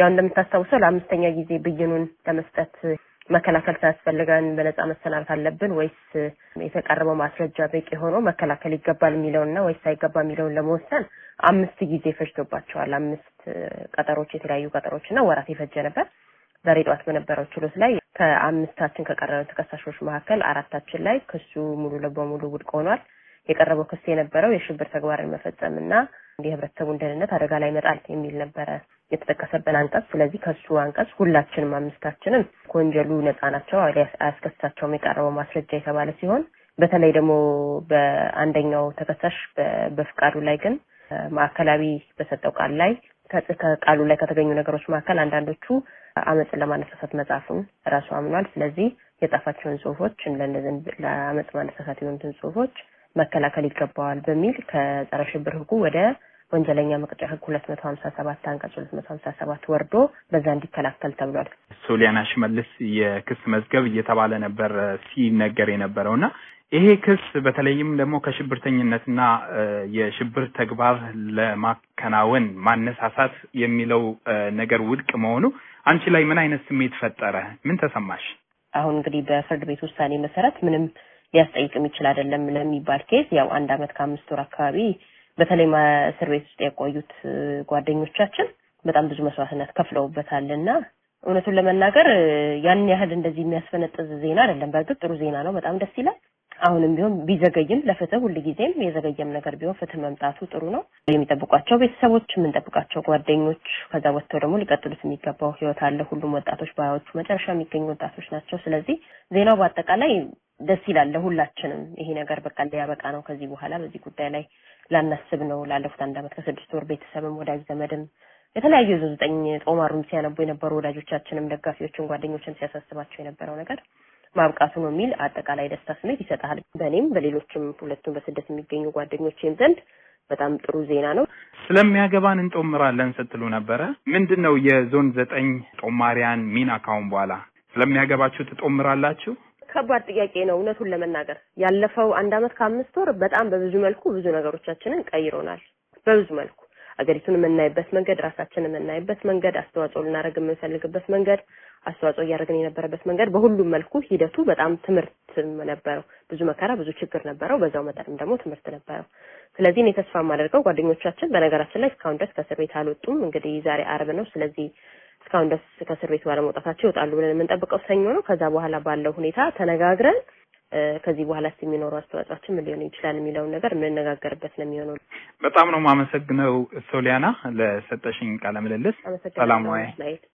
ያው እንደምታስታውሰው ለአምስተኛ ጊዜ ብይኑን ለመስጠት መከላከል ሳያስፈልገን በነጻ መሰናበት አለብን ወይስ የተቀረበው ማስረጃ በቂ ሆኖ መከላከል ይገባል የሚለውንና ወይስ አይገባ የሚለውን ለመወሰን አምስት ጊዜ ፈጅቶባቸዋል። አምስት ቀጠሮች፣ የተለያዩ ቀጠሮች እና ወራት የፈጀ ነበር። ዛሬ ጠዋት በነበረው ችሎት ላይ ከአምስታችን ከቀረበ ተከሳሾች መካከል አራታችን ላይ ክሱ ሙሉ ለበሙሉ ውድቅ ሆኗል። የቀረበው ክስ የነበረው የሽብር ተግባርን መፈጸም እና የህብረተሰቡን ደህንነት አደጋ ላይ መጣል የሚል ነበረ የተጠቀሰብን አንቀጽ። ስለዚህ ከሱ አንቀጽ ሁላችንም አምስታችንም ከወንጀሉ ነጻ ናቸው አያስከስታቸውም የቀረበው ማስረጃ የተባለ ሲሆን በተለይ ደግሞ በአንደኛው ተከሳሽ በፍቃዱ ላይ ግን ማዕከላዊ በሰጠው ቃል ላይ ከቃሉ ላይ ከተገኙ ነገሮች መካከል አንዳንዶቹ አመፅን ለማነሳሳት መጽሐፉን ራሱ አምኗል። ስለዚህ የጻፋቸውን ጽሁፎች ለአመፅ ማነሳሳት የሆኑትን ጽሁፎች መከላከል ይገባዋል በሚል ከጸረ ሽብር ህጉ ወደ ወንጀለኛ መቅጫ ህግ ሁለት መቶ ሀምሳ ሰባት አንቀጽ ሁለት መቶ ሀምሳ ሰባት ወርዶ በዛ እንዲከላከል ተብሏል። ሶሊያና ሽመልስ የክስ መዝገብ እየተባለ ነበር ሲነገር የነበረው እና ይሄ ክስ በተለይም ደግሞ ከሽብርተኝነትና የሽብር ተግባር ለማከናወን ማነሳሳት የሚለው ነገር ውድቅ መሆኑ አንቺ ላይ ምን አይነት ስሜት ፈጠረ? ምን ተሰማሽ? አሁን እንግዲህ በፍርድ ቤት ውሳኔ መሰረት ምንም ሊያስጠይቅም ይችል አይደለም ለሚባል ኬስ ያው አንድ አመት ከአምስት ወር አካባቢ በተለይ እስር ቤት ውስጥ የቆዩት ጓደኞቻችን በጣም ብዙ መስዋዕትነት ከፍለውበታል እና እውነቱን ለመናገር ያን ያህል እንደዚህ የሚያስፈነጥዝ ዜና አይደለም። በእርግጥ ጥሩ ዜና ነው፣ በጣም ደስ ይላል። አሁንም ቢሆን ቢዘገይም ለፍትህ ጊዜም የዘገየም ነገር ቢሆን ፍትህ መምጣቱ ጥሩ ነው። የሚጠብቋቸው ቤተሰቦች፣ የምንጠብቃቸው ጓደኞች፣ ከዛ ወጥተው ደግሞ ሊቀጥሉት የሚገባው ህይወት አለ። ሁሉም ወጣቶች በሀያዎቹ መጨረሻ የሚገኙ ወጣቶች ናቸው። ስለዚህ ዜናው በአጠቃላይ ደስ ይላል ለሁላችንም ይሄ ነገር በቃ ሊያበቃ ነው ከዚህ በኋላ በዚህ ጉዳይ ላይ ላናስብ ነው ላለፉት አንድ አመት ከስድስት ወር ቤተሰብም ወዳጅ ዘመድም የተለያዩ ዘጠኝ ጦማሩም ሲያነቡ የነበሩ ወዳጆቻችንም ደጋፊዎችን ጓደኞችን ሲያሳስባቸው የነበረው ነገር ማብቃቱ ነው የሚል አጠቃላይ ደስታ ስሜት ይሰጣል። በእኔም በሌሎችም ሁለቱም በስደት የሚገኙ ጓደኞችም ዘንድ በጣም ጥሩ ዜና ነው። ስለሚያገባን እንጦምራለን ስትሉ ነበረ። ምንድን ነው የዞን ዘጠኝ ጦማሪያን ሚና ካሁን በኋላ ስለሚያገባችሁ ትጦምራላችሁ? ከባድ ጥያቄ ነው እውነቱን ለመናገር ያለፈው አንድ አመት ከአምስት ወር በጣም በብዙ መልኩ ብዙ ነገሮቻችንን ቀይሮናል በብዙ መልኩ አገሪቱን የምናይበት መንገድ ራሳችን የምናይበት መንገድ አስተዋጽኦ ልናደርግ የምንፈልግበት መንገድ አስተዋጽኦ እያደረግን የነበረበት መንገድ በሁሉም መልኩ ሂደቱ በጣም ትምህርት ነበረው ብዙ መከራ ብዙ ችግር ነበረው በዛው መጠንም ደግሞ ትምህርት ነበረው ስለዚህ እኔ ተስፋ የማደርገው ጓደኞቻችን በነገራችን ላይ እስካሁን ድረስ ከእስር ቤት አልወጡም እንግዲህ ዛሬ አርብ ነው ስለዚህ እስካሁን ደስ ከእስር ቤት ባለመውጣታቸው ይወጣሉ ብለን የምንጠብቀው ሰኞ ነው። ከዛ በኋላ ባለው ሁኔታ ተነጋግረን ከዚህ በኋላ ስ የሚኖረው አስተዋጽኦችን ምን ሊሆን ይችላል የሚለውን ነገር የምንነጋገርበት ነው የሚሆኑ። በጣም ነው የማመሰግነው ሶሊያና ለሰጠሽኝ ቃለ ምልልስ። ሰላም ዋይ